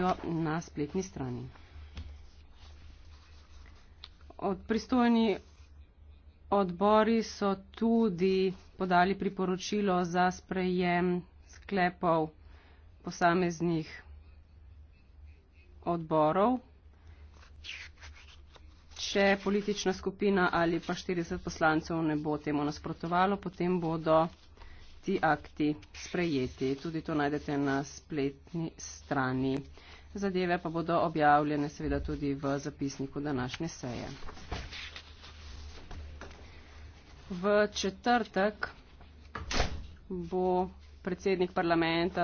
voljo na spletni strani. Od pristojni odbori so tudi podali priporočilo za sprejem sklepov posameznih odborov. Če politična skupina ali pa 40 poslancev ne bo temu nasprotovalo, potem bodo ti akti sprejeti. Tudi to najdete na spletni strani. Zadeve pa bodo objavljene seveda tudi v zapisniku današnje seje. V četrtek bo predsednik parlamenta